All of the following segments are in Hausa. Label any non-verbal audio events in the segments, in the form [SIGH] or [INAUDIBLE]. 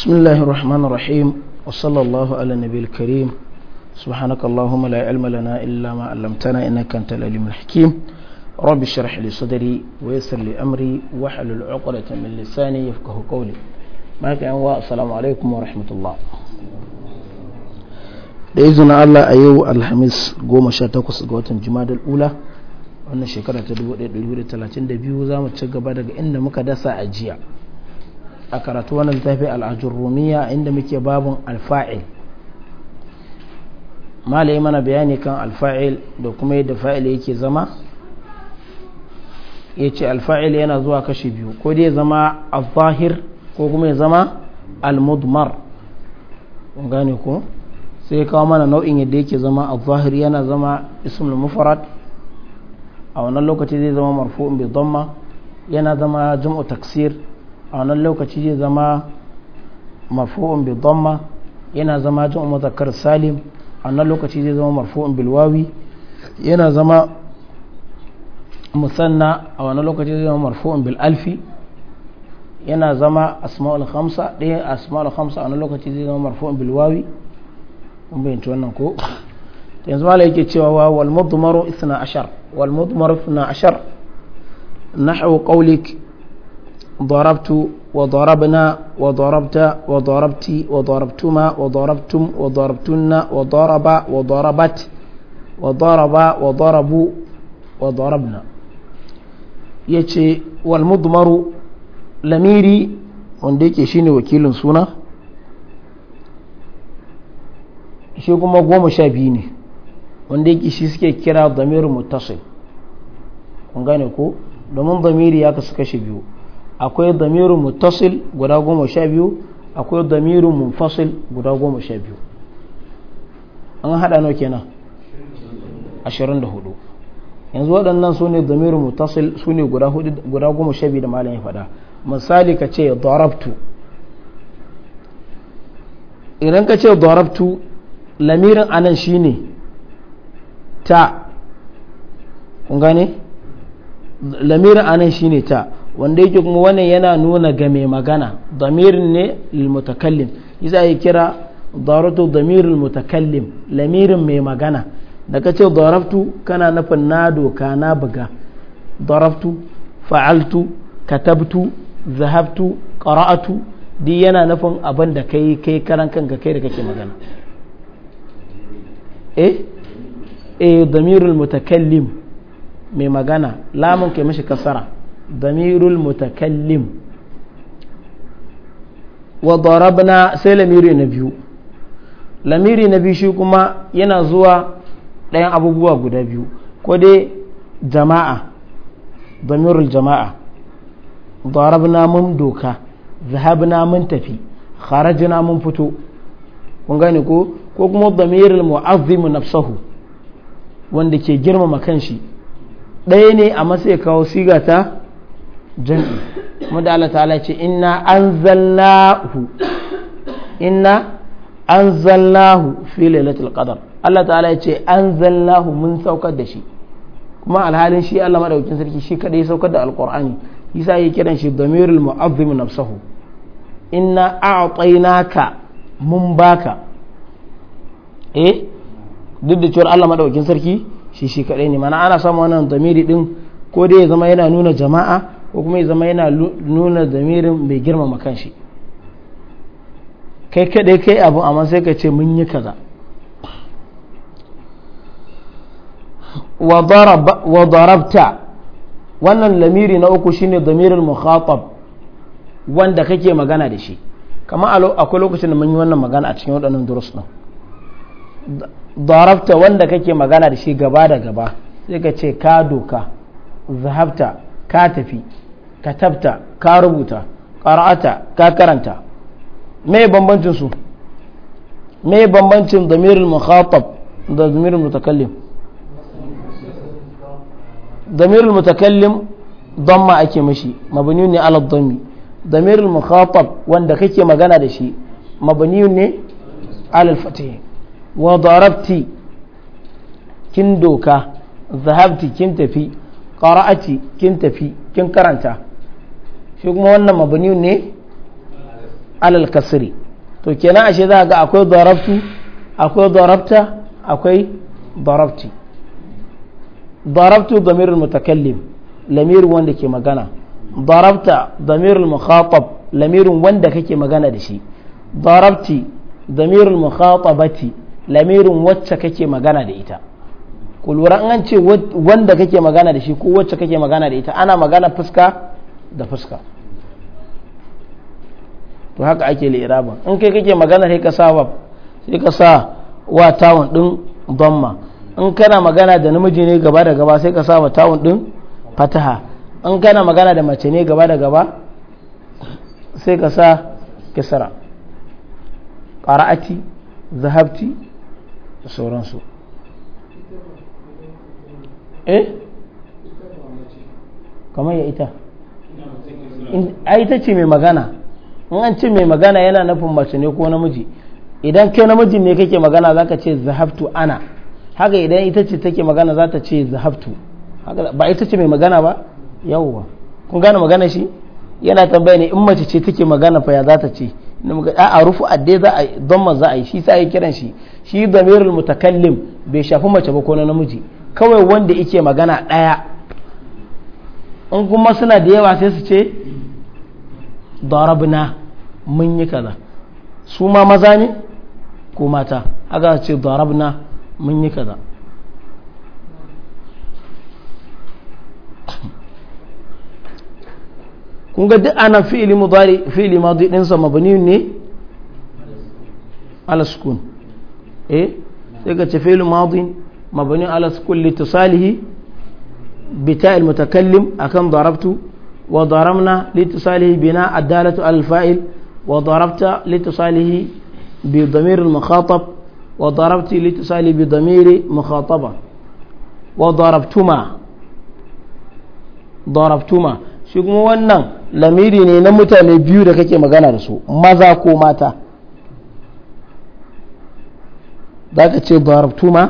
بسم الله الرحمن الرحيم وصلى الله على النبي الكريم سبحانك اللهم لا علم لنا إلا ما علمتنا إنك أنت العليم الحكيم رب اشرح لي صدري ويسر لي أمري واحلل عقدة من لساني يفقه قولي معك أنواء السلام عليكم ورحمة الله بإذن الله أيو الحميس قوم شاتكوس قوة جماد الأولى wannan shekara ta 1932 za mu ci gaba daga inda muka dasa ajiya a karatu wannan littafi al'ajurumiya inda muke babun alfa'il malayi mana bayani kan alfa'il da kuma yadda fa'il yake zama ya ce alfa'il yana zuwa kashi biyu ko dai zama al-zahir ko kuma ya zama al-mudmar gane ko sai kawo mana nau'in yadda yake zama al-zahir yana zama ismul mufarad a wannan lokaci zai zama marfu'un bi dhamma yana zama jam'u taksir a wannan lokaci zai zama marfu'un bi dhamma yana zama jin muzakkar salim a wannan lokaci zai zama marfu'un bil wawi yana zama musanna a wannan lokaci zai zama marfu'un bil alfi yana zama asma'ul khamsa ɗaya asma'ul khamsa a wannan lokaci zai zama marfu'un bil wawi kun bayyanta wannan ko yanzu mala yake cewa wal mudmaru 12 wal mudmaru 12 nahwu qawlik ضربت وضربنا وضربت وضربت وضربتما وضربتم وضربتن وضرب وضربت وضرب وضربوا وضربنا yace wal mudmaru lamiri wanda yake shine wakilin suna shi kuma goma sha biyu ne wanda yake shi suke kira damirin mutasil kun gane ko domin damiri ya kasu kashe biyu akwai damirin mutasil guda goma sha biyu akwai damirin munfasil guda goma sha biyu an haɗa nau kenan ashirin da hudu yanzu waɗannan su ne damirin mutasil su ne guda goma sha biyu da malam ya faɗa misali ka ce dorabtu idan ka ce dorabtu lamirin anan shine ta kun gane lamirin anan shine ta wanda yake kuma wannan yana nuna ga mai magana damirin ne lilmutakallim isa ya kira daratu damirin mutakallim lamirin mai magana da ce daraftu kana nufin na doka na buga daraftu fa'altu katabtu zahabtu qara'atu di yana nufin abin da kai kai karan kanka kai da kake magana eh eh damirul mutakallim mai magana lamun kai mashi kasara damirul mutakallim wa darabna sai lamiri na biyu lamiri na biyu shi kuma yana zuwa ɗayan abubuwa guda biyu ko dai jama'a damirul jama'a darabna mun doka zahabna mun tafi kharajna mun fito kun gane ko ko kuma damirul mu'azzimu nafsahu wanda ke girmama shi ɗaya ne a sai kawo siga ta jam'i kuma da Allah ta'ala ce inna anzalnahu an anzalnahu fi latin qadar Allah ta'ala ya ce anzalnahu mun saukar da shi kuma alhalin shi Allah maɗaukin sarki shi kadai saukar da alqur'ani isa yake kiran shi damirul mu'azzim nafsuhu inna a'tainaka mun baka eh duk da cewar Allah maɗaukin sarki shi shi kadai ne mana ana samun wannan damiri din ko dai ya zama yana nuna jama'a ko kuma ya zama yana nuna zamirin mai girmama kanshi kai kadai kai abu amma sai ka ce mun yi kaza wa darabta wannan lamiri na uku shine zamirin mukhatab wanda kake magana da shi kama akwai lokacin da mun yi wannan magana a cikin waɗannan durus ɗin darabta wanda kake magana da shi gaba da gaba sai ka ce ka doka zahabta ka tafi ka katabta ka rubuta qara'ata ka karanta mai bambancin su me bambancin damirul mukhatab da damirul mutakallim damirul mutakallim damma ake mashi mabni ne ala dhammi damirul mukhatab wanda kake magana da shi mabani ne ala al-fatih wa darabti kin doka zahabti kin tafi qara'ati kin tafi kin karanta shi kuma wannan mabniun ne alal kasri to kenan ashe za ga akwai darabtu akwai darabta akwai darabti darabtu damirul mutakallim lamirin wanda ke magana darabta damirul mukhatab lamirin wanda kake magana da shi darabti damirul mukhatabati lamirin wacce kake magana da ita ku lura an ce wanda kake magana da shi ko wacce kake magana da ita ana magana fuska da fuska to haka ake li'iraba in kai kake magana sai ka sa wa sai ka sa wa tawun din bamma in kana magana da namiji ne gaba da gaba sai ka sa wa tawun din fataha in kana magana da mace ne gaba da gaba sai ka sa kisra qara'ati zahabti da sauransu eh kamar ya ita a ita ce mai magana in an ce mai magana yana nufin mace ne ko namiji idan kai namiji ne kake magana za ka ce zahabtu ana haka idan ita ce take magana za ta ce zahabtu ba ita ce mai magana ba yawwa kun gane magana shi yana tambaya ne in mace ce take magana fa ya za ta ce a rufu adde za a yi don za a yi shi sai kiran shi shi damirul mutakallim bai shafi mace ba ko na namiji kawai wanda yake magana ɗaya in kuma suna da yawa sai su ce darabna mun yi kaza su ma maza ne ko mata haka ce darabna mun yi kaza kun ga duk ana fi'ili mudari fi'ili madi din sa mabni ne ala sukun eh sai ka ce fi'ili madin مبني على كل اتصاله بتاء المتكلم أكن ضربت وضربنا لاتصاله بناء الدالة على الفاعل وضربت لاتصاله بضمير المخاطب وضربت لاتصاله بضمير مخاطبة وضربتما ضربتما shi kuma wannan lamiri ne na mutane biyu da kake magana da su maza ko mata za ka ce barabtuma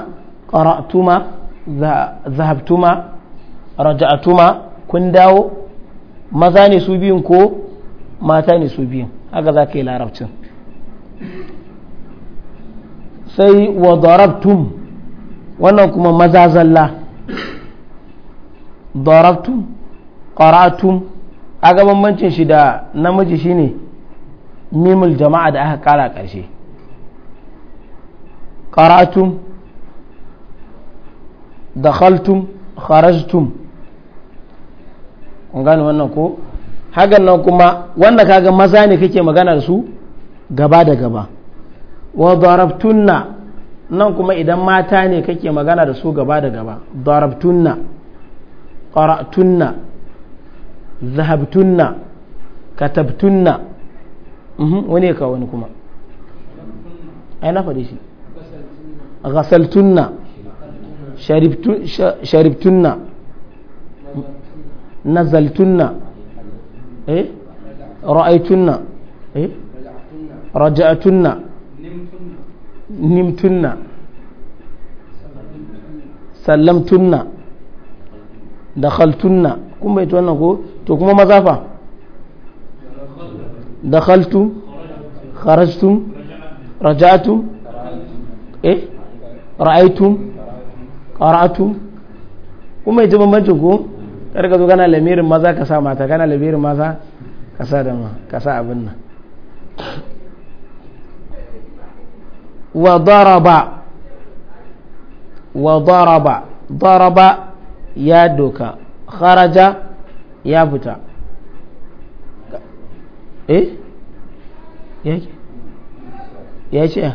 qara'tuma zahabtuma raja'atuma kun dawo maza ne su biyun ko mata ne su biyun haka za ka yi larabcin sai wa darabtum wannan kuma maza zalla darabtum qara'tum aga bambancin shi da namiji shine mimul jama'a da aka kara ƙarshe qara'tum dakhaltum kharajtum kun gane wannan ko hagan nan kuma wanda kaga maza ne kake magana da su gaba da gaba wa darabtunna nan kuma idan mata ne kake magana da su gaba da gaba darabtunna qara'tunna zahabtunna katabtunna mhm, wani ka wani kuma ai na faɗi shi ghasaltunna sharibtunna nazaltunna eh ra'aitunna eh raja'atunna nimtunna sallamtunna dakhaltunna kun bai wannan ko to kuma mazafa fa dakhaltum kharajtum raja'atum eh ra'aitum qara'tu kuma ita bambancin ko kar ka zo kana lamirin maza ka sa mata kana lamirin maza ka sa da ma ka sa abin nan wa daraba wa daraba daraba ya doka kharaja ya fita eh ya ce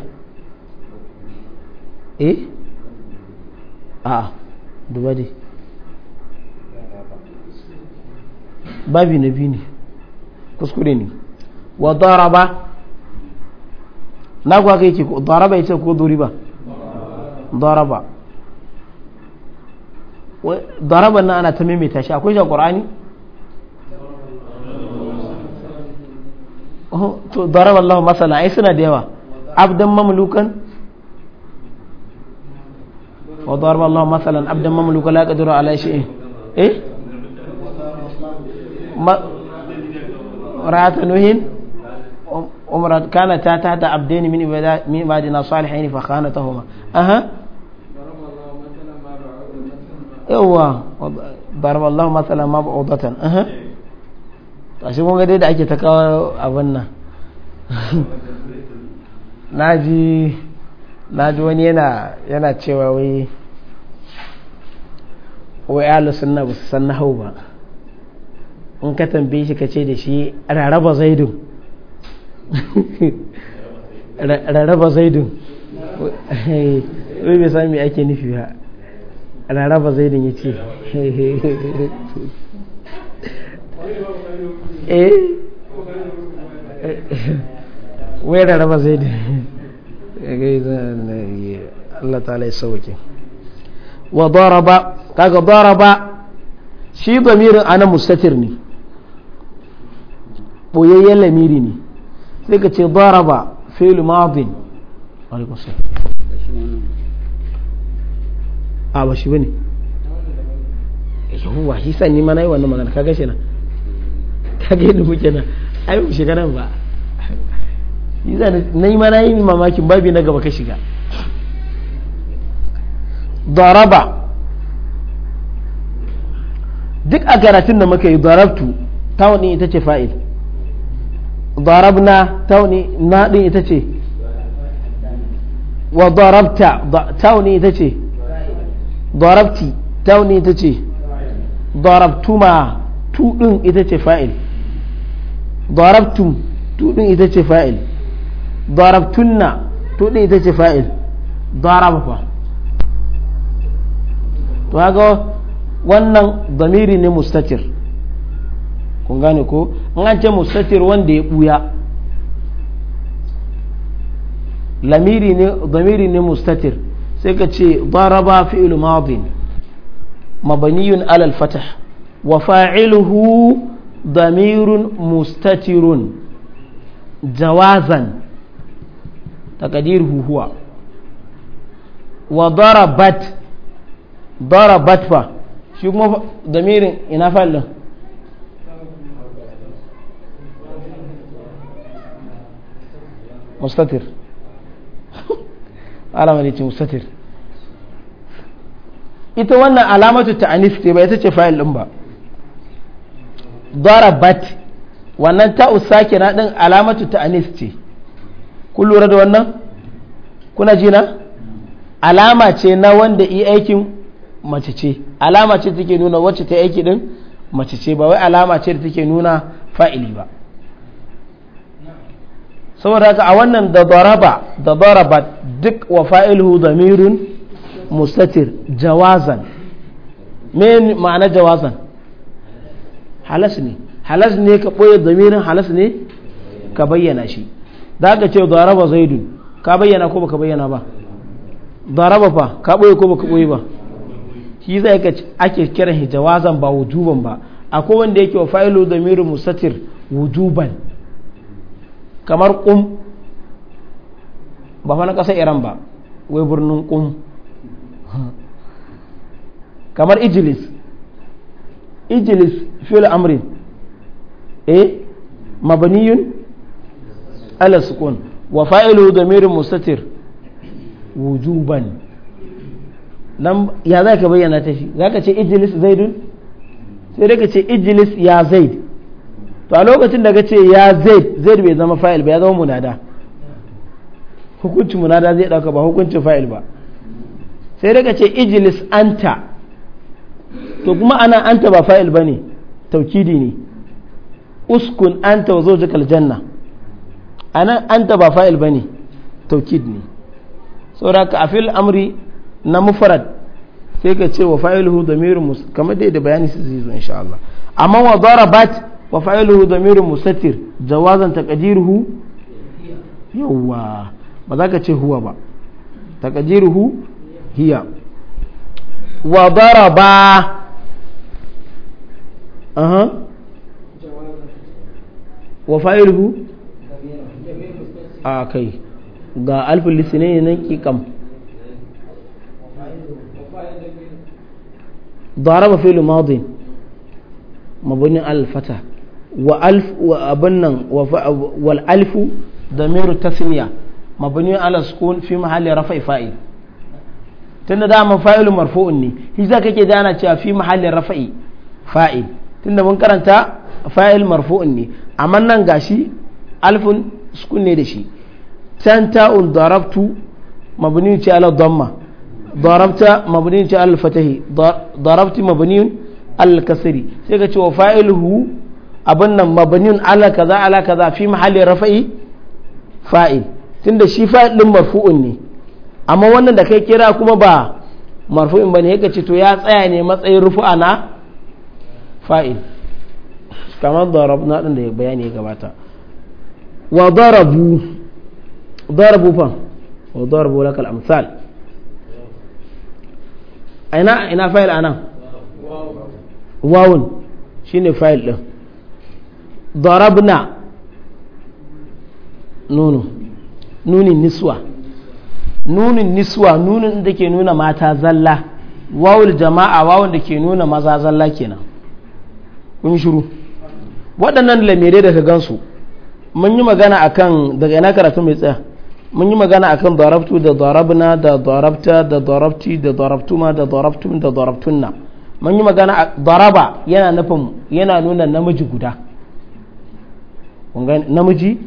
eh a'a duba dai babi na biyu ne kuskure ne wa daraba na kuwa kai ke daraba ita ko dori ba daraba daraba na ana ta maimaita shi akwai shan ƙorani oh, to daraba Allah masala ai suna da yawa abdan mamlukan وضرب الله مثلا عبدا مملوكا لا يقدر على شيء إيه ما رأت نوح أمرا كانتا تحت عبدين من من عبادنا صالحين فخانتهما أها yawa darba Allah matsala ma ba'udatan aha tashi kun ga dai da ake ta kawo abin nan na ji na ji wani yana cewa wai wai alusunna na su san nahau ba in ka tambaye shi ka ce da shi raraba zaidun [LAUGHS] raraba zaidun wai bai sami ake nufi ba raraba zaidun ya ce [LAUGHS] eh [LAUGHS] wai raraba zaidun Allah wa kaga shi ana mustatir ne lamiri ne ka ce daraba ba madin ba shi bane shi ni wannan magana kaga shi na kaga yadda muke nan ai mu shiga nan ba na yi mana yi mamakin babi na gaba ka shiga daraba duk a karatun da muka yi darabtu tawani ita ce fa'il darabna tawani na din ita ce wa darabta tawani ita ce darabti tawani ita ce darabtuma tu din ita ce fa'il darabtum tu din ita ce fa'il darabtunna to da ita ce fa'il daraba fa to haka wannan damiri ne mustatir kun gane ko an ce mustatir wanda ya buya lamiri ne damiri ne mustatir sai ka ce daraba fi'il madin mabaniyun alal fatah wa fa'iluhu damirun mustatirun jawazan taqdiruhu huwa wa darabat darabat fa shi kuma damirin ina fallin. mustatir [LAUGHS] alama ne ce mustatir ita wannan alamatu ta ta'anif ce ba ita ce fa'il ɗin ba darabat wannan ta'us na din alamatu ta ta'anif ce kun lura da wannan kuna jina alama ce na wanda yi aikin mace ce alama ce take nuna wacce ta aiki din mace ce ba wai alama ce da take nuna fa'ili ba saboda haka a wannan da daraba da daraba duk wa fa'iluhu damirun mustatir jawazan me ma'ana jawazan halas ne halas ne ka ɓoye damirin halas ne ka bayyana shi da ka ce daraba zaidu ka bayyana ko baka bayyana ba daraba fa ka boye ko baka boye ba shi zai ka ake kiran hijawazan ba wujuban ba akwai wanda yake wa fa'ilu damiru musatir wujuban kamar kum ba fa na iran ba wai birnin kum kamar ijilis ijilis fil amrin eh mabaniyun ala sukun wa fa'ilu damirin mustatir wujuban nan ya za ka bayyana ta shi za ka ce ijilis zaidun sai dai ka ce ijilis ya zaid to a lokacin da ka ce ya zaid zaid bai zama fa'il ba ya zama munada hukuncin munada zai dauka ba hukuncin fa'il ba sai dai ka ce ijilis anta to kuma ana anta ba fa'il bane taukidi ne uskun anta wa zo jikal janna anan anta ba fa'il bane taukid ne saboda ka fil amri na mufrad sai ka ce wa fa'iluhu damirun mus kamar dai da bayani su zai zo insha Allah amma wa darabat wa fa'iluhu damirun musatir jawazan taqdiruhu yawa ba za ka ce huwa ba taqdiruhu hiya wa daraba aha wa fa'iluhu a kai ga alfin lissine ne nan kikam daraba filu madin mabunin alfata wa alf wa abin nan wa alfu da meru tasniya mabuni ala sukun fi mahalli rafa'i fa'i tunda da man fa'ilu marfu'un ne shi za kake da ana cewa fi mahalli rafa'i fa'i tunda mun karanta fa'il marfu'un ne amma nan gashi alfun sukun ne da shi can ta'un darabtu mabni ce ala dhamma darabta mabni ce ala fatahi darabti mabni al kasri sai ka ce wa fa'iluhu abin nan mabni ala kaza ala kaza fi mahalli rafa'i fa'il tunda shi fa'il din marfu'un ne amma wannan da kai kira kuma ba marfu'in bane yake ce to ya tsaya ne matsayin rufu'a na fa'il kamar darabna din da bayani ya gabata wa darabu darabu fa wa darabu laka al-amsal ina ina fa'il anan wawun shine fa'il din darabna nunu nunin niswa nunin niswa nunin da ke nuna mata zalla wawul jama'a wawun da ke nuna maza zalla kenan kun shiru waɗannan lamirai daga ka gansu mun yi magana akan daga ina karatu mai tsaya mun yi magana akan darabtu da darabna da darabta da darabti da darabtuma da darabtum da darabtunna mun yi magana daraba yana nufin yana nuna namiji guda namiji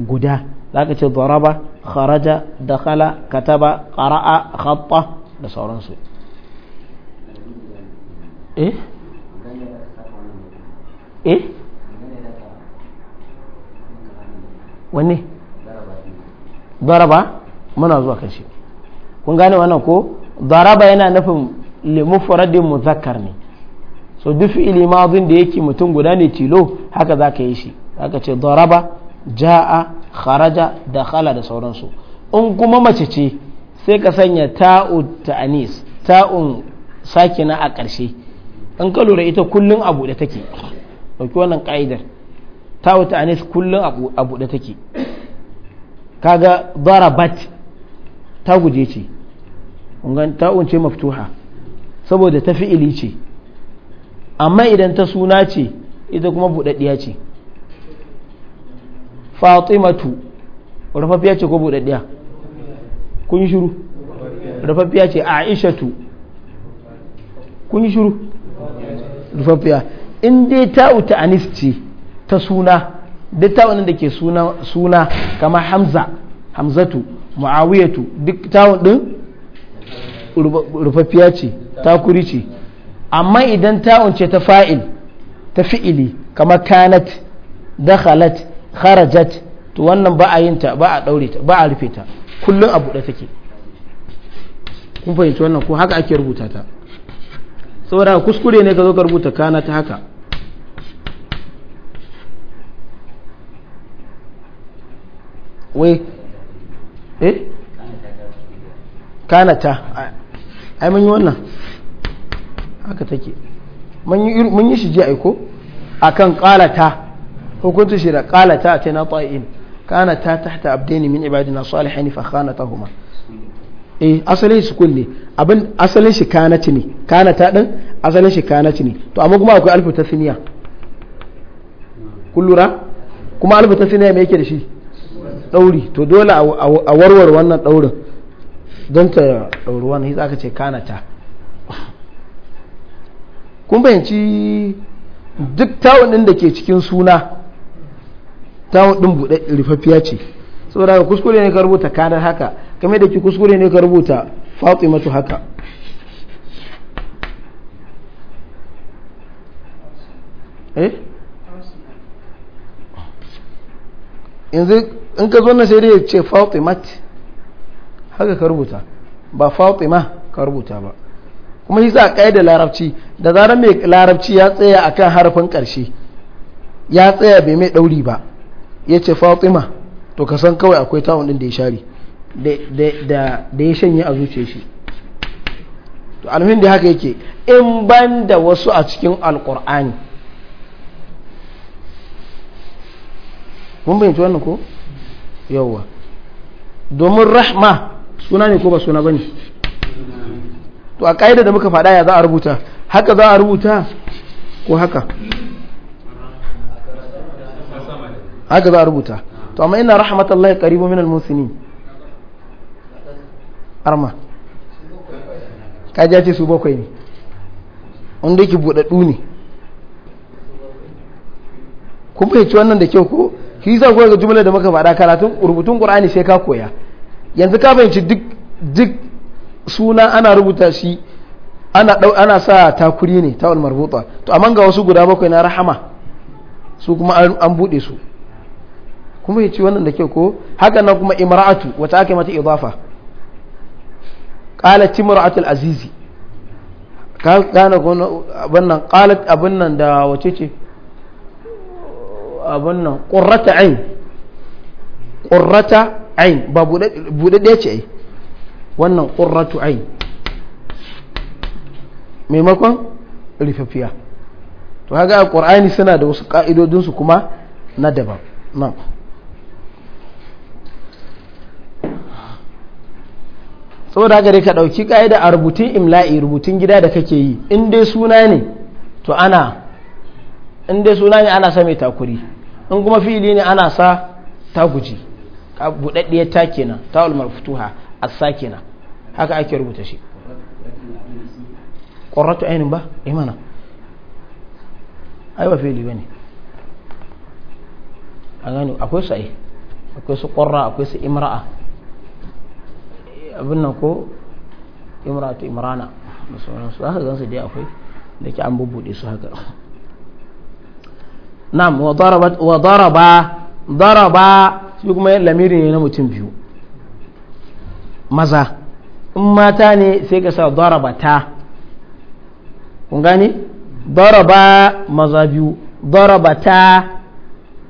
guda zaka ce daraba kharaja dakhala kataba qara'a khatta da sauransu eh eh wanne daraba muna zuwa kashi kun gane wannan ko daraba yana nufin limufradin muzakkar ne so duk fi'ili madin da yake mutum guda ne tilo haka za ka yi shi haka ce daraba ja'a kharaja dakhala da sauransu in kuma mace ce sai ka sanya ta'u ta'anis ta'un sakina a ƙarshe in ka lura ita kullun a buɗe take ɗauki wannan ƙa'idar ta'u ta'anis kullun a buɗe take kaga darabat ta guje ce ta unce ce maftuha saboda ta fi'ili ce amma idan ta suna ce ita kuma buɗaɗɗiya ce fatimatu rufaffiya ce ko buɗaɗɗiya kun yi shiru rufaffiya ce aishatu kun yi shiru rufaffiya in dai ta'u ta anis ce ta suna duk tawunin da ke suna suna kamar hamza hamzatu muawiyatu duk tawun din rufaffiya ce takuri ce amma idan tawun ce ta fa'il ta fi'ili kamar kanat dakhalat kharajat to wannan ba a yin ta ba a daure ta ba a rufe ta kullum abu da take kun fahimci wannan ko haka ake rubuta ta saboda kuskure ne ka zo ka rubuta kanat haka wai eh kanata ai mun yi wannan haka take mun yi shi ji aiko akan kalata hukunta shi da kalata a ce na ta'in kanata ta ta abdaini min ibadina salihin fa khanatahuma eh asalin shi kulle abin asalin shi kanati ne kanata din asalin shi kanati ne to amma kuma akwai alfu tasniya kullura kuma alfu tasniya me yake da shi ɗauri to dole a warware wannan ɗaurin don ta ɗauri wannan yi ka ce kanata kun bayanci duk tawon ɗin da ke cikin suna tawon ɗin buɗe rufaffiya ce saboda ka kuskure ne ka rubuta kanar haka kamar da ke kuskure ne ka rubuta matu haka eh yanzu in ka zo na sai dai ce fatimat haka ka rubuta ba fatima ka rubuta ba kuma shi sa kai da larabci da zarar mai larabci ya tsaya akan harafin karshe ya tsaya bai mai ɗauri ba ya ce fatima to ka san kawai akwai tawon ɗin da ya share da ya shanye a zuciya shi to alhamdulillah da haka yake in ban da wasu a cikin alkur'ani mun bayyanta wannan ko yawwa domin rahma suna ne ko ba suna bane to a ƙa'ida da muka faɗa ya za a rubuta haka za a rubuta ko haka haka za a rubuta to amma ina rahmatallahi qaribu min al-musinin arma kaji ce su bakwai ne wanda yake buɗaɗɗu ne kuma ya ci wannan da kyau ko ki za ku ga jumla da muka faɗa karatun rubutun qur'ani sai ka koya yanzu ka fahimci duk duk suna ana rubuta shi ana dau ana sa takuri ne ta marbuta to amma ga wasu guda bakwai na rahama su kuma an bude su kuma yace wannan da ke ko haka nan kuma imra'atu wata ake mata idafa qalat imra'atul azizi kana wannan qalat abin nan da wace ce abin nan ƙurrata ain ƙurrata ain ba buɗaɗɗe ce ai wannan ƙurratu ain maimakon rifaffiya to haka a ƙur'ani suna da wasu ƙa'idodinsu kuma na daban na saboda haka dai ka ɗauki ƙa'ida a rubutun imla'i rubutun gida da kake yi in dai suna ne to ana in dai suna ne ana sa mai takuri in kuma fili ne ana sa taguji ka buɗaɗɗiyar ta kenan fituha a sa kenan haka ake rubuta shi ƙwarratu ainihin ba imana eh ai ba fili ba ne a gani akwai su ai akwai su ƙwarra akwai su imra'a abin nan ko imra'atu imrana da sauransu haka gansu dai akwai da ke an bubbuɗe su haka nam wa daraba daraba shi kuma lamiri ne na mutum biyu maza in mata ne sai ka sa daraba ta kun gani daraba maza biyu daraba ta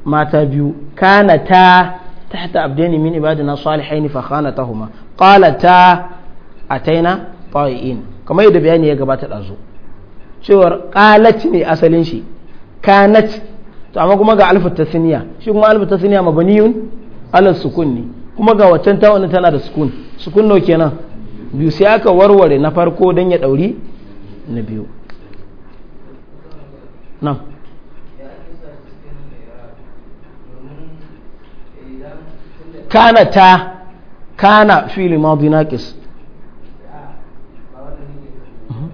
mata biyu kana ta tahta abdaini min ibadina salihaini fa khanatahuma qala ta ataina ta'in kamar yadda bayani ya gabata dazu cewar qalat ne asalin shi kanat to amma kuma ga alfa tasniya shi kuma alfa tasniya mabaniyun ala sukun ne kuma ga waccan ta wannan tana da sukun sukun no kenan biyu sai aka warware na farko dan ya dauri na biyu nan kana ta kana fili madi naqis mhm.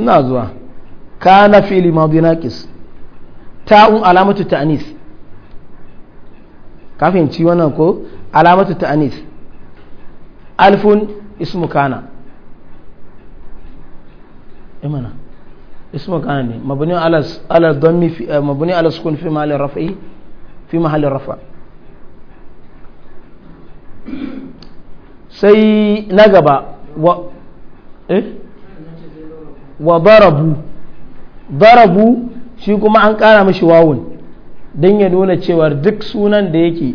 ina zuwa kana fi'li madi naqis ta'un alamatu ta'anis ka fahimci wannan ko alamatu ta'anis alfun ismu eh, ne mabni ala ala dhammi fi eh, mabni ala sukun rafa sai na gaba wa eh? darabu shi kuma an kara mashi wawun don ya nuna cewa duk sunan da yake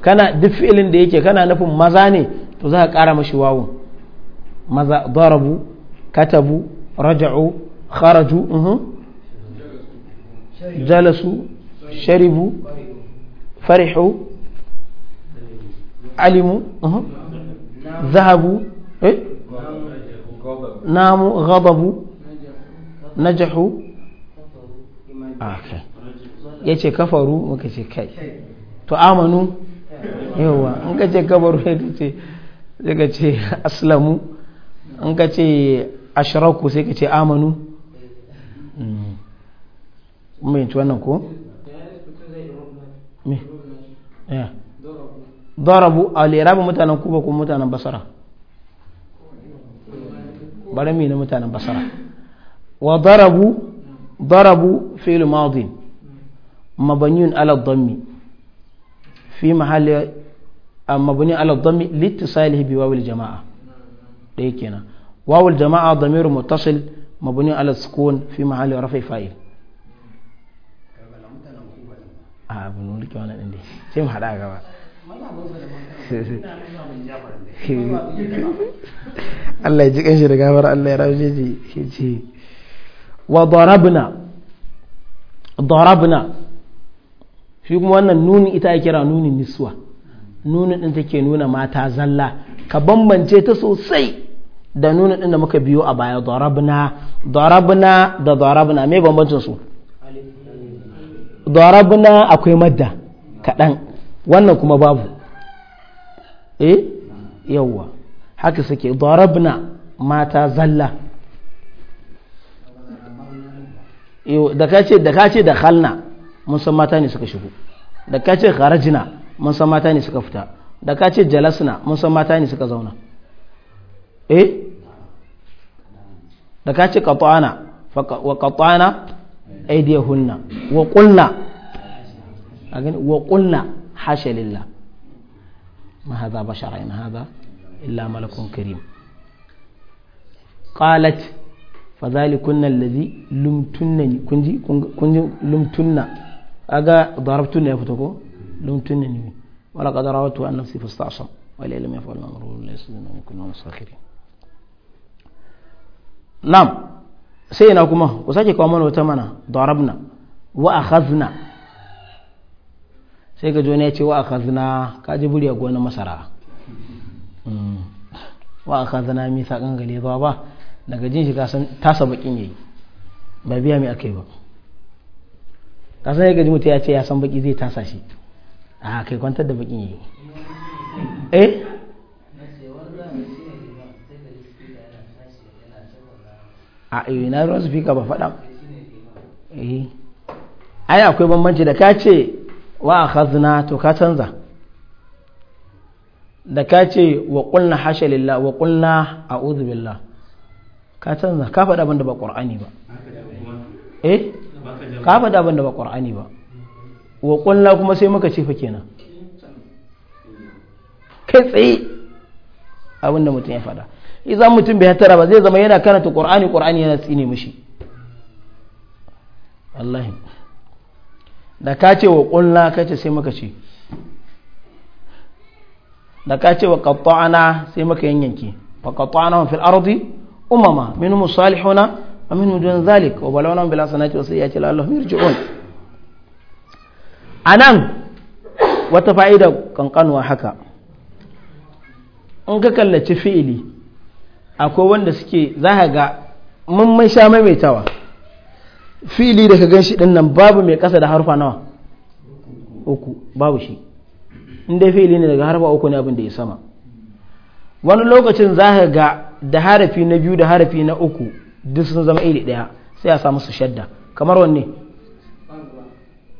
kana duk fi'ilin da yake kana nufin maza ne to za ka kara mashi wawun maza darabu katabu raja'u kharaju jalasu sharibu farihu alimu zahabu eh, namu ghadabu najahu ya ce kafaru muka ce kai to amanu yawa in ka ce kafaru ya ce sai ka ce aslamu in ka ce ashiraku sai ka ce amanu mai wannan ko? me? ya darabu alirabi mutanen kuba ko mutanen basara bari mi na mutanen basara وضربوا ضربوا فعل ماض مبني على الضم في محل مبني على الضم لاتصاله بواو الجماعة ديكنا واو الجماعة ضمير متصل مبني على السكون في محل رفع فاعل آه بنقول لك أنا عندي dai sai mu haɗa gaba Allah ya ji kanshi da gafar Allah wa ضربنا shi kuma wannan nuni ita ya kira nuni niswa nunin din take nuna mata zalla ka bambance ta sosai da nunin din da muka biyo a baya darabna darabna da darabna me bambancin su darabna akwai madda kaɗan wannan kuma babu eh yawwa haka suke darabna mata zalla da ka ce da ka ce da khalna mun san mata ne suka shigo da ka ce kharajna mun san mata ne suka fita da ka ce jalasna mun san mata ne suka zauna eh da ka ce qata'ana wa qata'ana aydiyahunna wa qulna wa qulna hasha lillah ma hadha bashara in hadha illa malakun karim qalat kunna zalikunna allazi lumtunnani kunji kunji lumtunna aga darabtunna ya fito ko lumtunnani wala qad rawatu an nafsi fastasam wal ilm yaf'al ma amru la yasduna min kulli musakhirin nam sai ina kuma ku sake kawo mana wata mana darabna wa akhadna sai ka jona ya ce wa akhadna ka ji buri a gonar masara hmm. wa akhadna misa kan gale ba daga jin shi kasan tasa bakin yayi ba biya mai akai ba kasan ya gaji mutum ya ce ya san baki zai tasa shi a kai kwantar da bakin yayi eh a eh, na ruwan speaker ba faɗa eh ai akwai bambanci da ka ce wa akhazna to ka canza da ka ce wa qulna hasha lillah wa qulna a'udhu billah ka canza ka faɗa abin da ba ƙur'ani ba eh ka faɗa abin da ba ƙur'ani ba wa ƙulla kuma sai muka ce fa kenan kai tsaye abin da mutum ya faɗa idan mutum bai hatara ba zai zama yana karanta ƙur'ani ƙur'ani yana tsine mishi wallahi da ka ce wa ƙulla ka ce sai muka ce da ka ce wa ƙatta'ana sai muka yanyanke wa ƙatta'ana fil ardi umama minu musalihuna wa minu dun zalik wa balawana bila sanati wasai ya cila Allah A anan wata fa'ida wa haka in ka kallaci fi'ili akwai wanda suke za ka ga mun mai sha tawa da ka gan shi din nan babu mai kasa da harfa nawa uku babu shi in dai fi'ili ne daga harfa uku ne abin da ya sama wani lokacin za ka ga da harafi na biyu da harafi na uku duk sun zama iri ɗaya sai a samu su shadda kamar wanne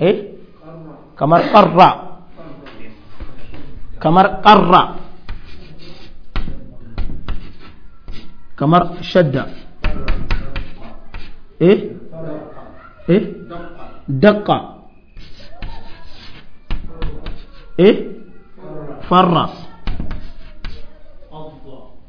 eh kamar ƙarra kamar ƙarra kamar shadda eh eh daƙa eh farra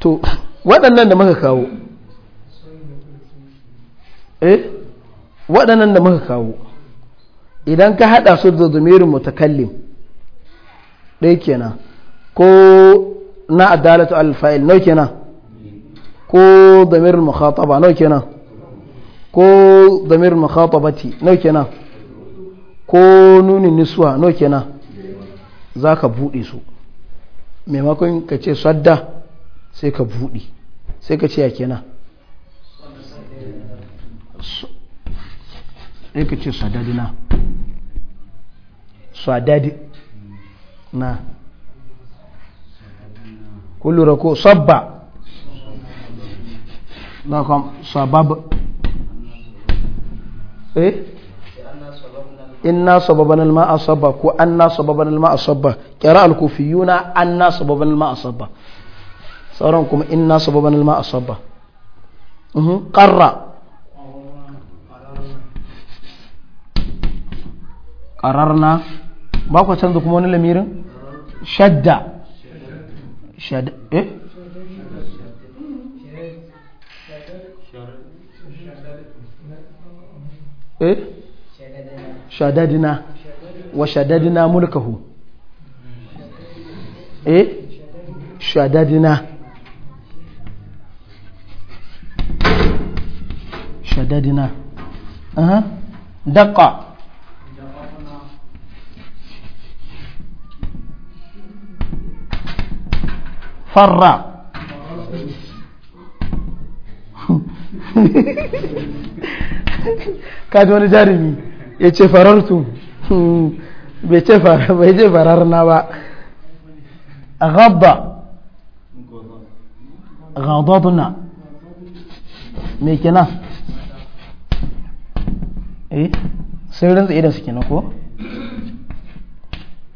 to waɗannan da muka kawo eh waɗannan da muka kawo idan ka haɗa su da zumirin mutakallim ɗaya kenan ko na adalatu alfa'il nau kenan ko zamirin mukhataba nau kenan ko zamirin mukhatabati nau kenan ko nunin niswa nau kenan za ka buɗe su maimakon ka ce sadda sai ka buɗe sai ka ce ya nan sai ka ce sadadi na sadadi na kullura ko sabba na kam sabab eh inna sababan alma sabba ko anna sababan alma asabba kira al-kufiyuna anna sababan alma sabba. sauran kuma inna sababan alma asabba mhm, qarra qararna ba ku canza kuma wani lamirin shadda shadda eh eh wa shadadina mulkahu eh shadadina شددنا أه. farra فر kaji wani jarumi ya ce farartu bai ce farar na ba gabba gadabna mai kenan Eh, sai sun idan suke kenan ko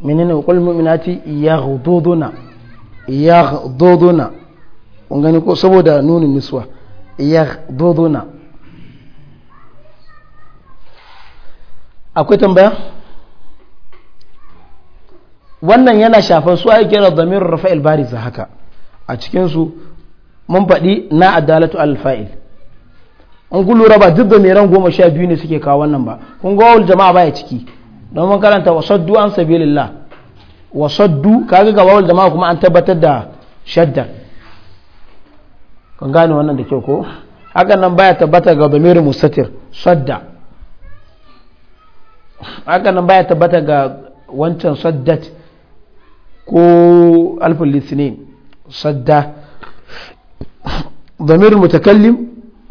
menene qul mu'minati yaghduduna yaghduduna kun gani ko saboda nunin niswa yaghduduna akwai tambaya wannan yana shafan su ake kira damir rafa'il bariza haka a cikin su mun faɗi na adalatu al-fa'il an kun raba ba duk da meran goma sha biyu ne suke kawo wannan ba kun ga wawul jama'a baya ciki don mun karanta wasaddu an sabilillah wasaddu kaga ga wawul jama'a kuma an tabbatar da shaddar kun gane wannan da kyau ko hakan nan baya tabbata ga damir musatir sadda hakan nan baya tabbata ga wancan saddat ko alfin litinin sadda damir mutakallim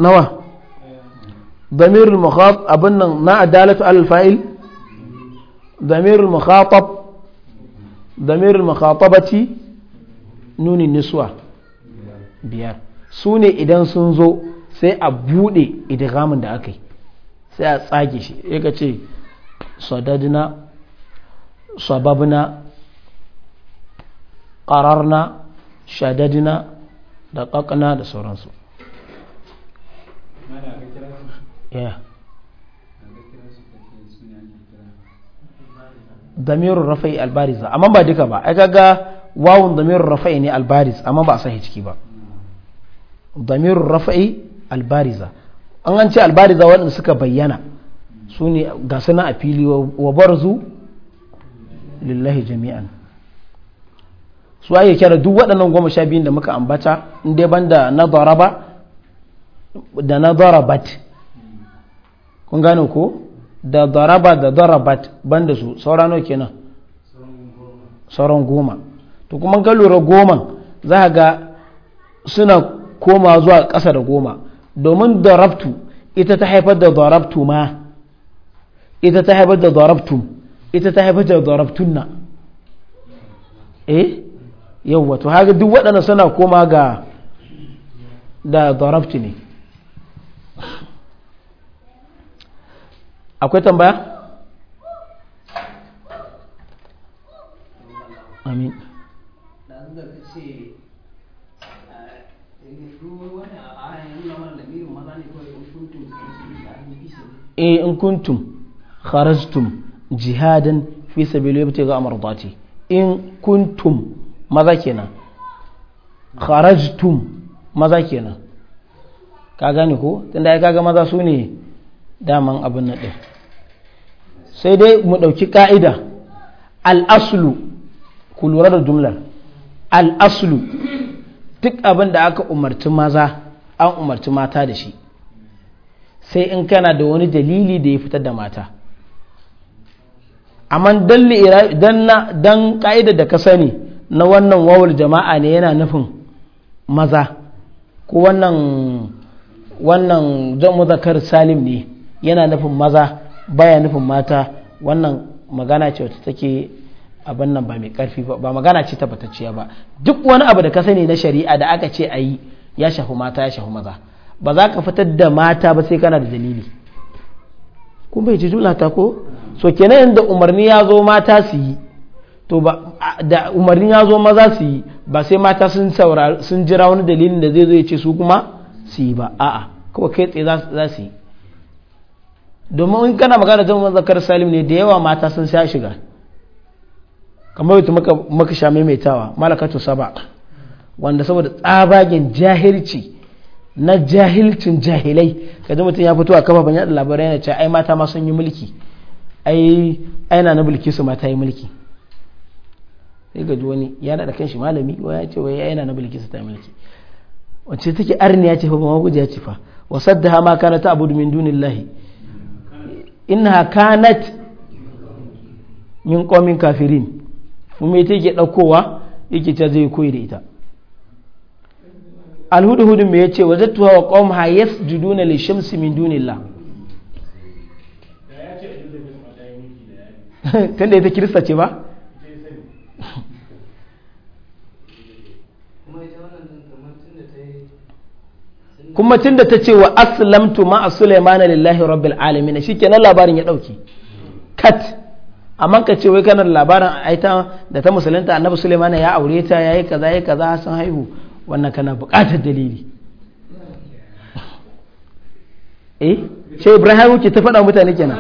nawa ضمير nan na adalatu أدالة على الفاعل ضمير المخاطب ضمير المخاطبة نون النسوة بيار سوني إذا سنزو sai a buɗe idgamin da aka yi sai a tsage shi ya ka ce sadadina sababna ƙararna shadadina da ƙaƙana da sauransu damirun rafa'i albariza amma ba duka ba ai kaga wawun damirun rafa'i ne albariz amma ba a sahi ciki ba damirun rafa'i albariza an an ce albariza waɗanda suka bayyana su ne ga suna a fili wa barzu lillahi jami'an su ake kira duk waɗannan goma sha biyun da muka ambata in dai da na daraba da na kun gane ko da daraba da darabat ban da su saura nawa kenan sauran goma to kuma ka lura goman za ga suna koma zuwa ƙasa da goma domin darabtu ita ta haifar da darabtu ma ita ta haifar da darabtum ita ta haifar da na eh yawwa to haka duk waɗanda suna koma ga da darabtu ne akwai tambaya? amin in kuntum kharajtum jihadan fi sabilillah yabtagha amradati in kuntum maza kenan kharajtum maza kenan ka gane ko tunda ai kaga maza su ne daman abin nan din sai dai mu ɗauki ƙa'ida al'aslu ku lura da jumlar al'aslu duk abin da aka umarci maza an umarci mata da shi sai in kana da wani dalili da ya fitar da mata amma don ƙa'ida da ka sani na wannan wawul jama'a ne yana nufin maza ko wannan wannan jan zakar salim ne yana nufin maza baya nufin mata wannan magana ce wata take abin nan ba mai karfi ba magana ce tabbatacciya ba duk wani abu da ka sani na shari'a da aka ce a yi ya shafi mata ya shafi maza ba za ka fitar da mata ba sai kana da dalili kun bai ji jumla ta ko so kenan da umarni ya zo mata su yi to ba da umarni ya zo maza su yi ba sai mata sun saurari sun jira wani dalilin da zai zo ya ce su kuma su yi ba a'a kawai kai tsaye za su yi domin in kana magana zama zakar salim ne da yawa mata sun sha shiga kamar yadda muka maka sha maimaitawa malakatu saba wanda saboda tsabagen jahilci na jahilcin jahilai kaji mutum ya fito a kafafen yada labarai yana ce ai mata ma sun yi mulki ai ai na bulki su mata yi mulki sai gaji wani ya da kan shi malami wa ya ce wai ai na bulki su ta yi mulki wacce take ya ce fa ba ma ya ce fa wasaddaha ma kana ta abudu min dunillahi inna kanat min qaumin kafirin kuma ita yake ɗaukowa yake ta zai koyi da ita alhudu hudu mai ya ce wa zattuwa wa ƙaum ha yas juduna li shamsi min dunillah tunda ita kirista ce ba kuma tun da ta ce wa aslamtu ma sulaimana lillahi rabbil alamin shikenan labarin ya ɗauki kat amma ka ce wai kana labarin aita da ta musulunta annabi sulaimana ya aure ta ya yi kaza yi kaza sun haihu wannan kana buƙatar dalili eh sai ibrahim ke ta faɗa mutane kenan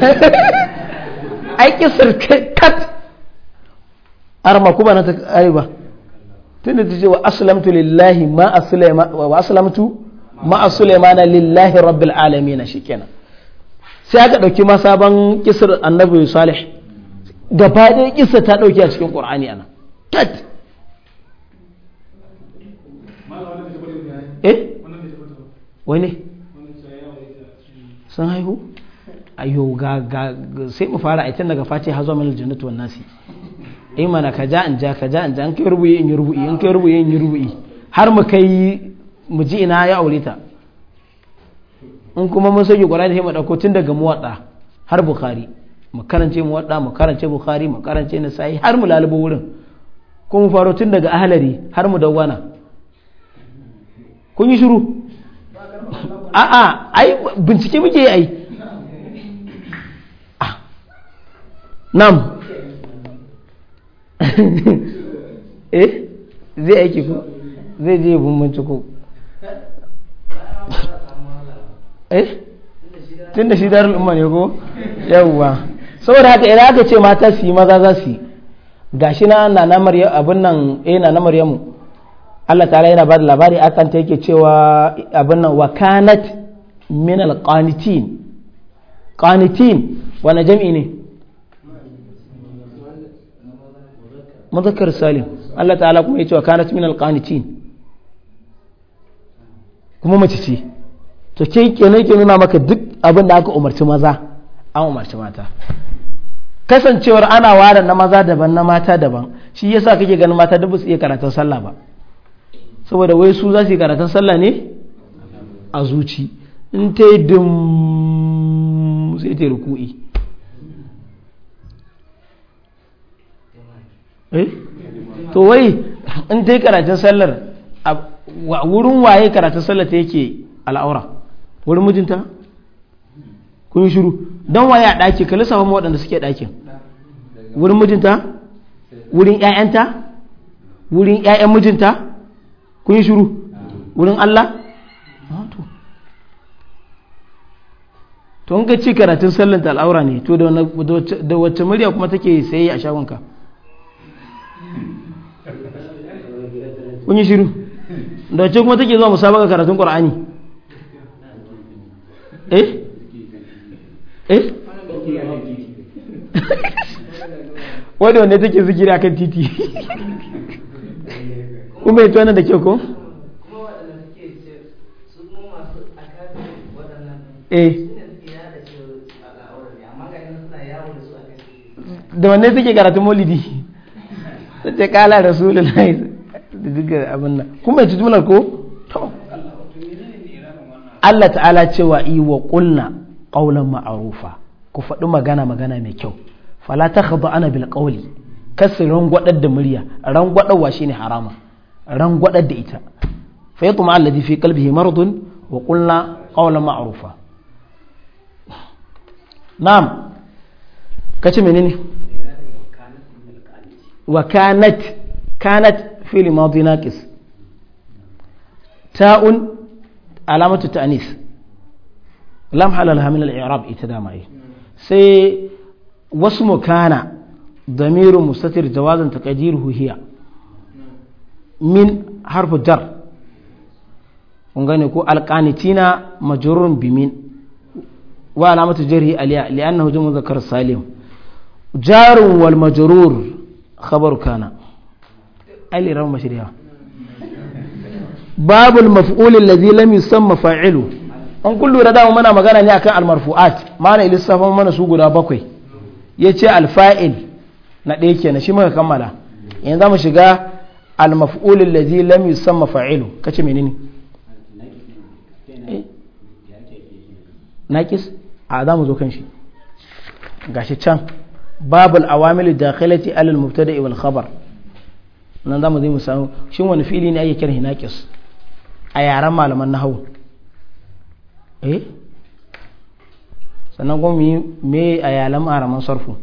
[LAUGHS] ai kisar kat arma kuma na ta ba tun da ce wa aslamtu lillahi ma aslamtu ma aslamana lillahi rabbil alamin shikenan sai aka dauki ma sabon kisar annabi salih gaba ɗaya kisa ta dauki a cikin qur'ani ana tat eh wani sun haihu ayo ga sai mu fara aitin daga fati zuwa min aljannatu wan nasi in eh mana ka ja in ja ka ja in ja in kai rubuye, in yi rubu'i in kai rubuye, in yi rubu'i har mu kai mu ji ina ya aure ta in kuma mun sauke qur'ani da mu dauko tun daga muwadda har bukhari mu karance muwadda mu karance bukhari mu karance nasa'i har mu lalubo wurin ko faro tun daga ahlari har mu dawwana kun yi shiru a'a ai bincike muke yi ai ah. nam [LAUGHS] eh zai aiki ku zai je bin ko eh tun da shi darul umar ne ko yawwa saboda haka idan aka ce mata su yi maza za su yi shi na nana maryam abin nan eh nana maryamu Allah ta'ala yana ba da labari akan ta yake cewa abin nan wa kanat min al-qanitin qanitin wani jam'i ne muzakkar salim Allah ta'ala kuma ya ce wa kanat min alqanitin kuma mace ce to ke kenan ke nuna maka duk abin da aka umarci maza an umarci mata kasancewar ana ware na maza daban na mata daban shi yasa kake ganin mata duk su iya karatun sallah ba saboda wai su za su yi karatun sallah ne a zuci in ta yi dum sai ta ruku'i Eh? to wai in ta yi karatun sallar wurin waye karatun sallar ta yake al'aura wurin mijinta kun shiru don waye a ɗaki kalli sama waɗanda suke ɗakin wurin mijinta wurin ƴaƴanta wurin ƴaƴan mijinta kun shiru wurin Allah ah, to in ka ci karatun sallar ta al'aura ne to da wacce murya kuma take sai a shagonka Hmm. kun yi shiru da ce kuma take zuwa musabaka karatun qur'ani eh eh [LAUGHS] wanda wanda take zikiri akan titi [LAUGHS] kuma ita wannan da ke ko eh da wanne suke karatun molidi sun ce kala rasulullahi da duk abin nan kuma yace jumlar ko to Allah ta'ala cewa yi wa ƙulna ƙaunar ma'arufa ku faɗi magana magana mai kyau fala ta takhadu ana bil qawli kasu rangwadar da murya rangwadarwa shine harama rangwadar da ita fa yatma alladhi fi qalbihi maradun wa qulna qawlan ma'rufa na'am kace menene وكانت كانت في الماضي ناقص تاء علامة التأنيث لم حل لها من الإعراب إتدامى سي واسم كان ضمير مستتر جوازا تقديره هي من حرف الجر ونغني القانتين مجرور بمن وعلامة جره الياء لأنه جمع ذكر السالم جار والمجرور khabaru kana ai liran mashriya babul maf'ul alladhi lam yusamma fa'ilu an kullu da mana magana ne akan almarfu'at mana lissafin mana su guda bakwai yace alfa'il na ɗaya kenan shi muka kammala yanzu zamu shiga almaf'ul alladhi lam yusamma fa'ilu kace menene naqis a zamu zo kan shi gashi can babu al'awamil dakhilati alal mubtada wal khabar nan zamu zai mu samu shin wani fili ne ake kira hinaqis a yaran malaman nahwu eh sannan kuma me a yaran malaman sarfu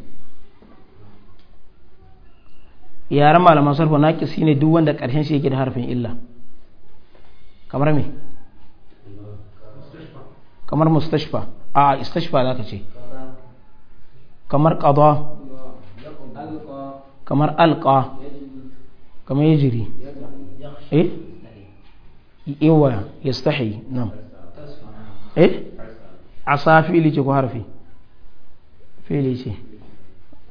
yaran malaman sarfa na kisi ne ƙarshen shi yake da harfin illa kamar me kamar mustashfa a istashfa za ka ce kamar qada kamar alqa kamar yajri eh iwa yastahi nan eh sa fili ce ko harfi fili ce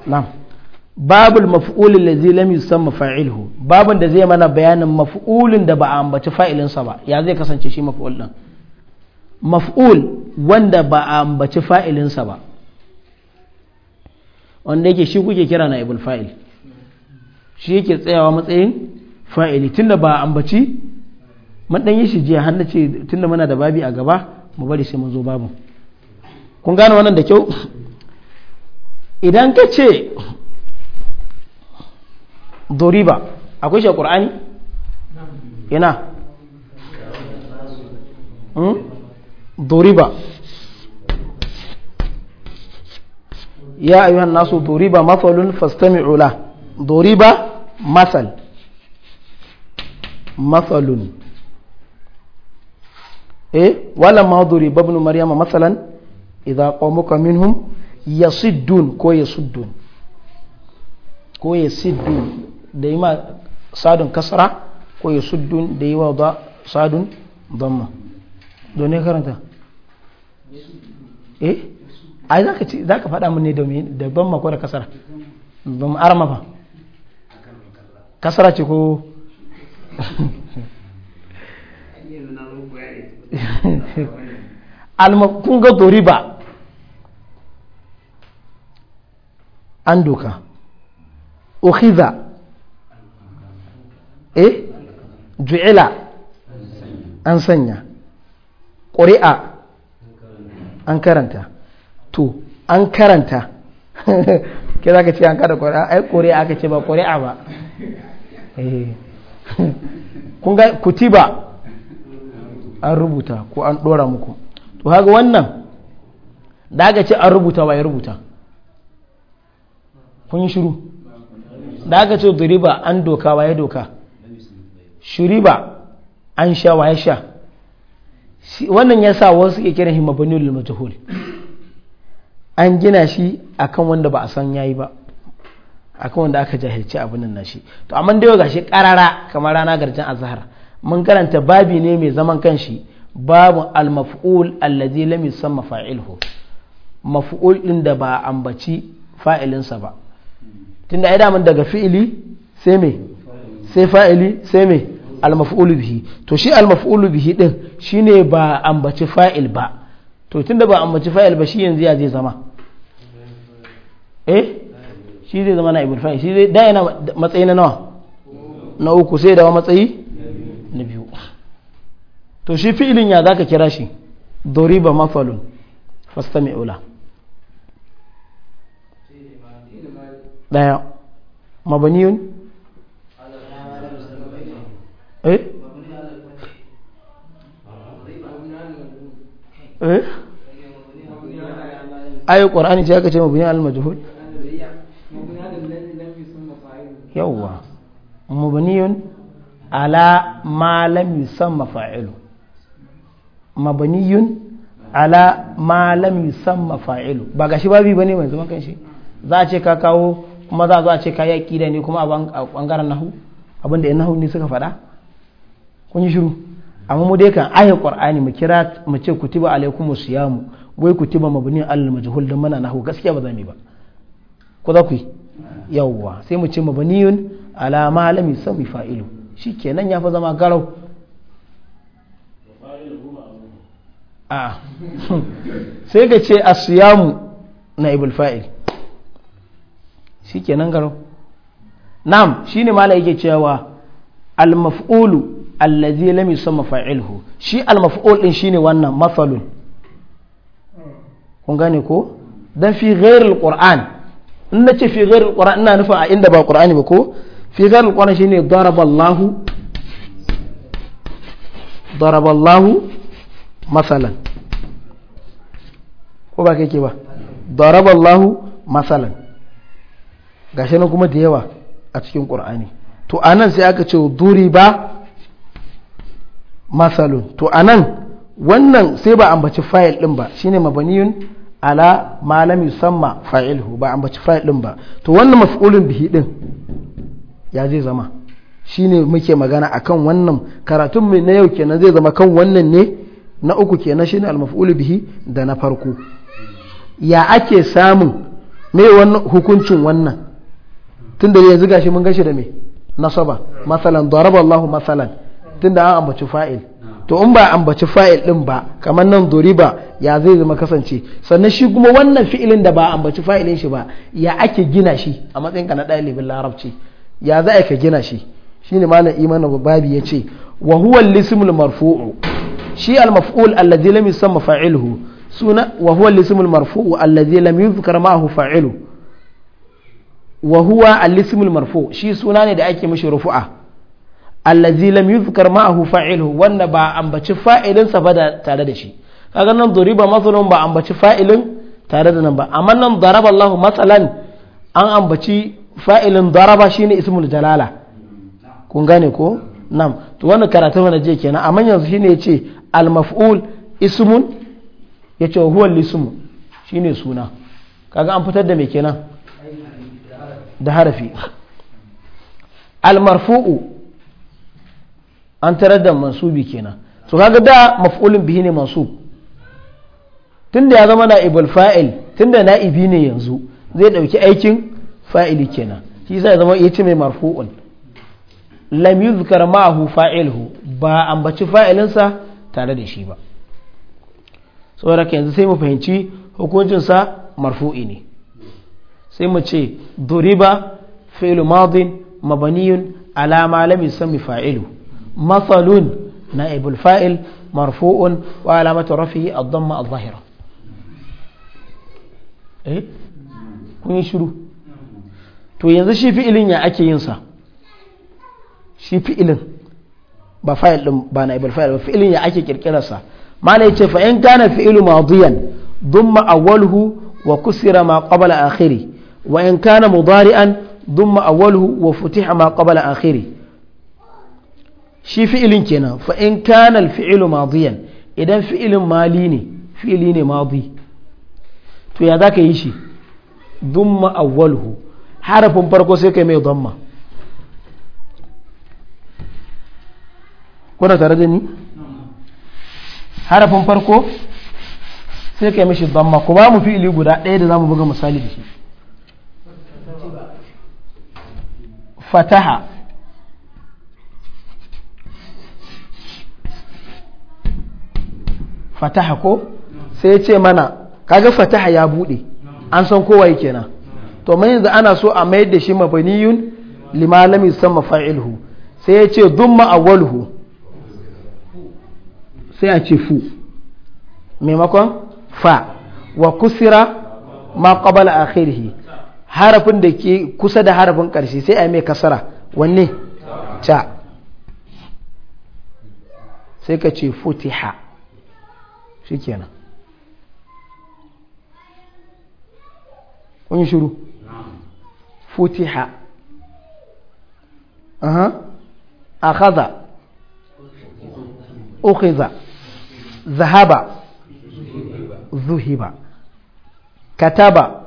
nam babul maf'ulin da zai lam yusamma fa'ilhu babun da zai mana bayanin maf'ulin da ba a ambaci fa'ilinsa ba ya zai kasance shi maf'ul din maf'ul wanda ba a ambaci fa'ilinsa ba wanda yake shi kuke kira na ibul fa'il shi yake tsayawa matsayin fa'ili tunda ba ambaci man dan shi jiya har ce tunda muna da babi a gaba mu bari sai mu zo babu kun gane wannan da kyau idan ka ce doriba akwai shi a ƙur'ani ina hmm? doriba يا أيها الناس ضرب مثل فاستمعوا له ضرب مثل مثل إيه ولما ضرب ابن مريم مثلا إذا قومك منهم يصدون كو يصدون كو يصدون دايما صاد كسرة كو يصدون دايما ضا صاد ضمة دوني كرنتا إيه ai ka ci zaka faɗa mun ne domin da ban mako da kasara ba mu ba kasara ce ko [LAUGHS] kun ga doriba an doka ukhiza eh ju'ila an sanya ƙuri'a an karanta to an karanta [LAUGHS] ke za ka ce an kada ƙuri'a ai kore aka ce ba ƙuri'a ba eh. [LAUGHS] kun ga kutiba an rubuta ko an ɗora muku to haka wannan da aka ce an rubuta wa ya rubuta kun yi shiru da aka ce duriba an doka wa ya doka shuriba an sha wa ya sha wannan ya sa wasu ke kiran himabaniyar majahul an gina shi akan wanda ba a san yayi ba akan wanda aka jahilci abin nan shi to amma dai ga shi karara kamar rana garjin azhar mun karanta babi ne mai zaman kanshi babu al-maf'ul allazi lam yusamma fa'iluhu maf'ul din da ba ambaci fa'ilinsa ba tunda ai mun daga fi'ili sai me sai fa'ili sai me al-maf'ul bihi to shi al-maf'ul bihi din shine ba ambaci fa'il ba to tunda ba ambaci fa'il ba shi yanzu ya zai zama eh shi zai zama na ibul fa'il shi zai da na matsayi na nawa na uku sai dawa matsayi na biyu to shi fi'ilin ya zaka kira shi doriba mafalun fastami'ula daya mabaniyun eh eh ayo qur'ani sai aka ce mabni al majhul yawwa mabniyun ala ma lam yusamma fa'ilu mabniyun ala ma lam yusamma fa'ilu ba gashi babi bane mai zaman kanshi za a ce ka kawo kuma za a ce ka yi aqida ne kuma a bangaran nahu abinda yan nahu ne suka faɗa kun yi shiru amma mu dai kan ayi qur'ani mu kira mu ce kutiba alaikumus siyamu wai ku tiba mabni alal majhul dan mana nahu gaskiya ba za mu yi ba ko za ku yi yawwa sai mu ce mabniyun ala ma lam yusami fa'ilu shikenan ya fa zama garau a sai ka ce asiyamu ibul fa'il shikenan garau nam shine mala yake cewa al maf'ulu allazi lam yusamma fa'iluhu shi al maf'ul din shine wannan mafalun kun gane ko dan fi ghairul qur'an in nace ce fi ghairul qur'an ina nufin a inda ba qur'ani ba ko fi ghairul qur'an shine daraballahu daraballahu masalan ko ba kake ba daraballahu masalan gashi na kuma da yawa a cikin qur'ani to anan sai aka ce duriba masalun to anan wannan sai ba ambaci fayil din ba shine mabaniyun ala lam yusamma fa'ilhu ba ambaci fayil din ba to wannan maf'ulun bihi din ya zai zama shine muke magana akan wannan karatun mai na yau kenan zai zama kan wannan ne na uku kenan shine al-maf'ul bihi da na farko ya ake samun me wannan hukuncin wannan tunda yanzu gashi mun gashi da me nasaba masalan daraba Allahu masalan tunda an ambaci fa'il to in ba ambaci fa'il din ba kamar nan doriba ya zai zama kasance sannan shi kuma wannan fi'ilin da ba a ambaci fa'ilin shi ba ya ake gina shi a matsayinka na ɗalibin larabci ya za ka gina shi shine malam imanin babi ya ce wa huwa lismul marfu'u shi al maf'ul alladhi lam yusamma fa'iluhu suna wa huwa lismul marfu'u alladhi lam yuzkar ma'ahu fa'iluhu wa huwa al-ismul marfu shi suna ne da ake mishi rufu'a allazi lam yuzkar ma'ahu fa'iluhu wanda ba ambaci fa'ilinsa ba tare da shi kaga nan duriba masalan ba ambaci fa'ilin tare da nan ba amma nan daraba Allah matsalan an ambaci fa'ilin daraba shine ismul jalala kun gane ko nam to wannan karatu mana je kenan amma yanzu shine yace al maf'ul ismun yace huwa ismu shine suna kaga an fitar da me kenan da harafi al marfu'u an tarar da mansubi kenan to kaga da maf'ulun bihi ne mansub tunda ya zama na ibul fa'il tunda na ibi ne yanzu zai dauki aikin fa'ili kenan shi yasa ya zama yace mai marfu'un lam yuzkar ma'ahu fa'iluhu ba ambaci fa'ilinsa tare da shi ba saboda yanzu sai mu fahimci hukuncinsa marfu'i ne sai mu ce duriba fi'lu madin mabaniyun ala ma lam yusammi fa'iluhu مثل نائب الفائل مرفوع وعلامة رفعه الضمة الظاهرة eh kun yi shiru to yanzu shi fi'ilin ya ake yin sa shi fi'ilin ba fa'il ba na ibul fa'il ba fi'ilin ya ake kirkirar sa malai ce fa in kana fi'ilu madiyan a awwaluhu wa kusira ma qabla akhiri wa in kana mudari'an wa futiha ma qabla akhiri shi fi'ilin kenan fa in kana al-fi'lu madiyan idan fi'ilin mali ne fi'ili ne madi to ya zaka yi shi dumma awwalhu harafin farko sai kai mai damma kuna tare da ni harafin farko sai kai mishi damma kuma mu fi'ili guda ɗaya da zamu buga misali da shi fataha fataha ko sai ya ce mana kaga fataha ya bude an san kowa kenan to mai yanzu ana so a mayar da shi mabaniyun lima san mafa'ilhu sai ya ce dhumma awwaluhu sai a ce fu maimakon fa wa kusira ma qabala akhirih harafin da ke kusa da harafin karshe sai a mai kasara wanne ta sai ka ce futiha shikenan kun shiru futiha aha akhadha ukhidha zahaba zuhiba kataba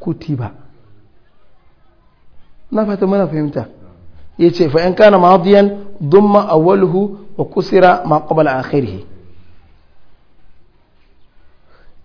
kutiba na fata mana fahimta yace fa in kana madiyan dumma awwaluhu wa kusira ma qabla akhirih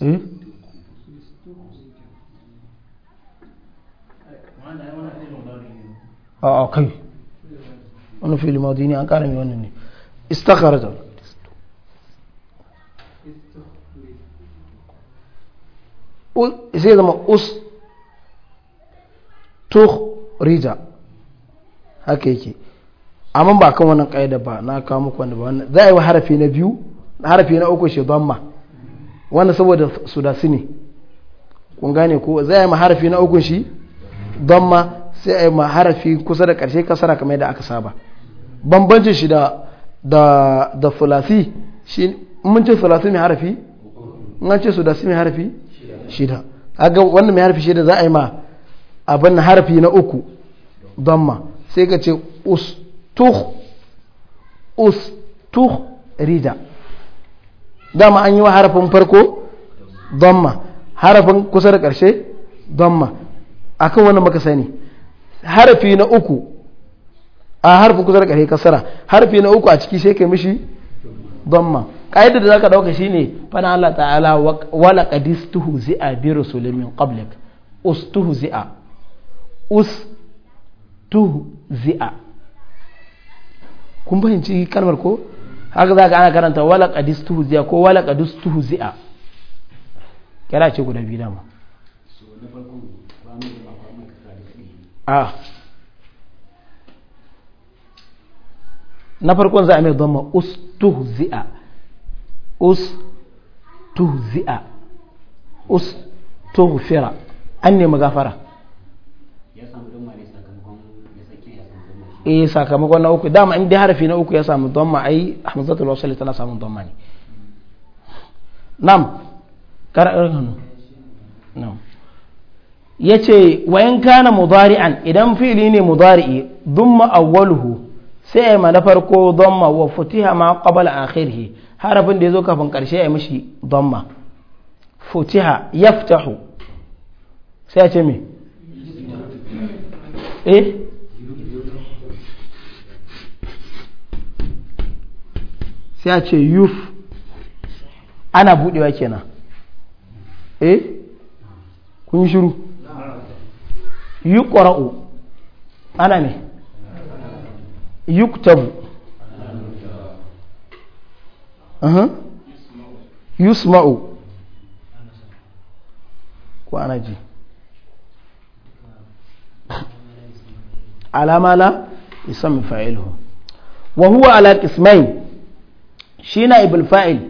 eh hmm? ah, a ah, a kai wani fili ma ne zama us haka yake amma ba kan wannan ƙa'ida ba na kawo muku wanda ba wannan za a yi harafi na biyu harafi na uku shi ban ma wannan saboda su da sini ne kun gane ko zai yi harafi na ukun shi don ma sai a yi harafi kusa da ƙarshe kasara kamar yadda aka saba bambancin shi da da da fulasi shi mun ce fulasi mai harafi mun ce su da sini harafi shida aga wannan mai harafi shida za a yi ma abin harafi na uku don ma sai ka ce ustuh ustuh rida dama an yi wa harafin farko damma harafin kusa da ƙarshe damma akan wannan muka sani harafi na uku a harafin kusa da ƙarshe kasara harafi na uku a ciki sai kai mishi damma ƙa'idar da zaka dauka shine fa na Allah ta'ala wa qadistuhu zi'a bi rusulin min qablik ustuhu zi'a tu zi'a kun bayanci kalmar ko haka za ka ana karanta wala tuhu zi'a ko wala tuhu zi'a kira ce guda biyu dama na farkon za a mai dhamma ustuhzi'a ustuhzi'a fira an nemi gafara eh sakamakon na uku dama in dai harafi na uku ya samu dhamma ai hamzatul wasl tana samu dhamma ne nam kar karan nam yace wa in kana mudari'an idan fi'li ne mudari'i dhamma awwaluhu sai ai ma na farko dhamma wa futiha ma qabla akhirhi harafin da yazo kafin karshe ai mishi dhamma futiha yaftahu sai ya ce me eh sai a ce yuf ana budewa kenan eh kun shiru yi ƙwara'u ana ne yuktabu yusma'u ko ana ji alama la isam fa'iluhu wa huwa ala qismain shi na ibul fa'il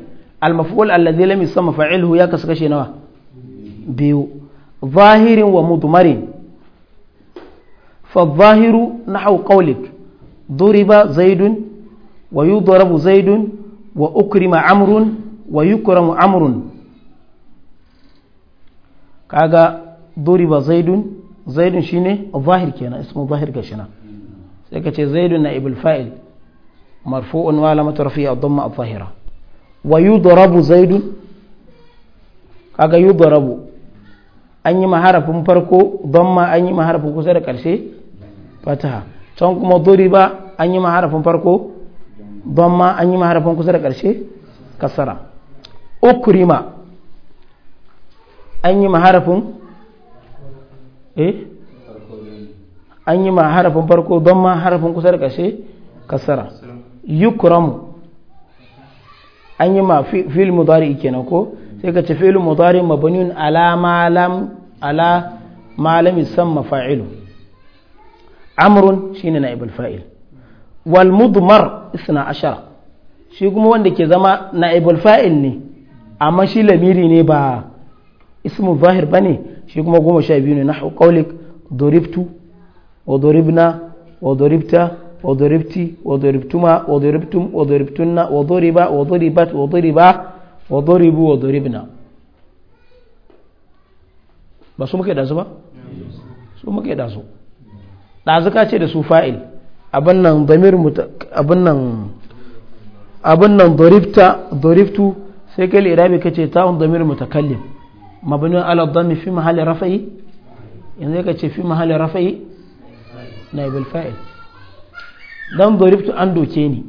al-maf'ul alladhi lam yusamma fa'iluhu ya kasu kashe nawa biyu zahirin wa mudmarin fa zahiru na nahwu duri duriba zaidun wa yi yudrabu zaidun wa ma amurun wa yi yukramu amrun kaga duriba zaidun zaidun shine zahir kenan ismu zahir gashi sai ka ce zaidun na ibul fa'il مرفوع وعلامة رفيع الضمة الظاهرة ويضرب زيد كاغا يضرب أني ما حرف مفرقو ضمة أني ما حرف كسر كرشي فتحة can kuma ba an yi maharafin farko don ma an yi maharafin kusa da ƙarshe kasara ukurima an yi maharafin eh farko don ma harafin kusa da ƙarshe kasara yukramu an yi ma fil mudari kenan ko sai ka ce fil mudari mabniun ala malam ala malam yusamma fa'ilu amrun shine naibul fa'il wal mudmar isna ashara shi kuma wanda ke zama naibul fa'il ne amma shi lamiri ne ba ismu zahir ne shi kuma goma sha biyu ne na qawlik doribtu wa doribna wa doribta وضربتي وضربتما وضربتم وضربتن وضرب وضربت وضربا وضربوا وضربنا ba su muke dazu ba? su muke dazu ɗazu ka ce da su fa'il abin nan damir abin nan abin nan doriftu sai kai lirabi ka ce ta'un damir mutakallim mabinin aladdami fi mahalin rafa'i yanzu ka ce fi mahalin rafa'i na ibil fa'il don doriftu an doke ni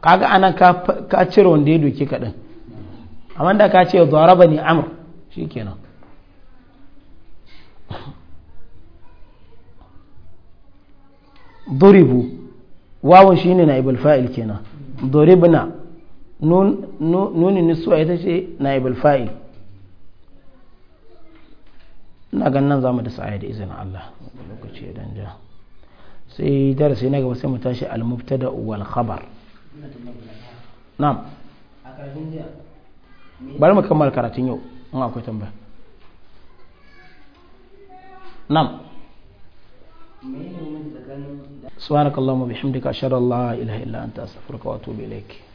kaga ana ka cire wanda ya doke kaɗan a da ka ce zaraba ne amur shi kenan duribu wawan shi ne na ibalfa'il kenan na nuni nisuwa ita ce na ibalfa'il ina ganin nan za mu da sa'ayi da izinin Allah lokaci ya danja sai darasi na gaba sai mu tashi al-mubtada wal khabar na'am bari mu kammala karatun yau in akwai tambaya na'am سبحانك اللهم وبحمدك أشهد أن لا إله إلا أنت أستغفرك وأتوب إليك